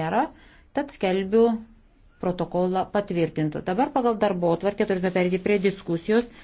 nėra, tad skelbiu protokolą patvirtintų. Dabar pagal darbo atvarkę turime perėti prie diskusijos